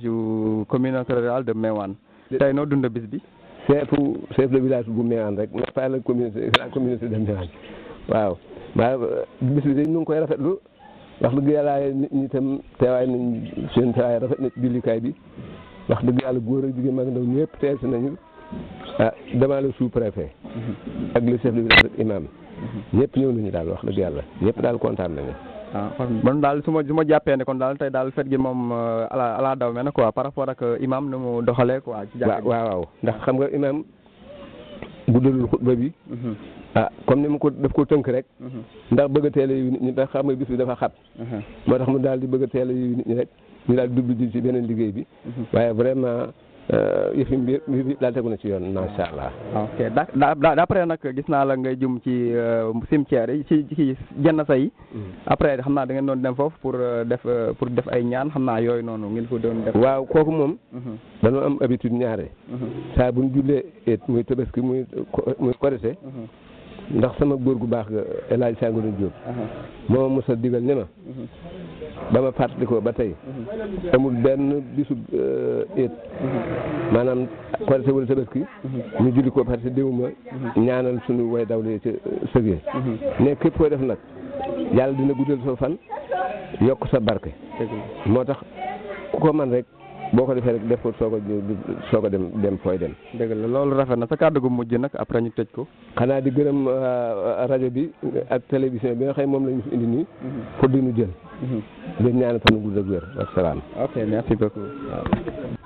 ju commune rurale de Mewane tey noo dund bis bi chef chef de village bu Mewane rek ma fa la communauté la communauté de Mewane waaw bis bi dañ ñu ngi koy rafetlu wax dëgg yàlla nit ñi teewaay nañ seen teewaay rafet na jullikaay bi wax dëgg yàlla góor ak jigéen mag ndaw ñëpp teew si nañu ah devant le sous préfet mhm. ak le chef de village ak imam mhm. ñëpp ñëw nañu daal wax dëgg yàlla ñëpp daal kontaan nañu ah man daal su ma su ma jàppee ne kon daal tey daal fet gi moom euh, ala ala daw mel na quoi par rapport ak euh, imam nu mu doxalee quoi. ci jàkka waaw ndax xam nga imam guddalul xutba bi. Mhm. ah comme ni mu ko daf ko tënk rek. Mhm. ndax bëgg a teel a nit ñi ndax xam nga bis bi dafa xat. Mhm. moo tax mu daal di bëgg a teel a nit ñi rek ñu daal di dubli ci beneen liggéey bi. waaye vraiment. Euh, yëf yi mbir mbir daal tegu na ci yoon macha allah. ok da après nag gis naa la ngay jëm ci euh, cimetière yi ci ci jenn sa yi. Mm. après xam naa da ngeen doon dem foofu pour euh, def pour def ay ñaan xam naa yooyu noonu ngeen ko doon def. waaw kooku moom. Mm-hmm. dañoo am habitude ñaare. Mm-hmm. saa bu ñu jullee muy tabaski muy muy korite mm-hmm. ndax sama góor gu baax ga El Hadj Sangono Diop. moo mos a digal ne ma. Mhm. ba ma fàttalikoo ba tey. Mhm. amul benn bisu euh, éet. Mhm. maanaam korite wala tabaski. ñu julli ko parce que déwuma. ñaanal sunu way dawlee ca euh, sëgee. ne képp koy def nag yàlla dina guddal soo fan yokk sa barke. moo tax ku ko man rek. boo ko defee rek def ko soog a soog dem dem fooy dem. dëgg la loolu rafet na sa kàddu gu mujj nag après ñu tëj ko. xanaa di gërëm euh, rajo bi ak télévision bi nga xam moom la ñu fi indi nii. pour di ñu jël. Mhm. di ñaan fan gudd ak wér ak salaam. ok merci beaucoup.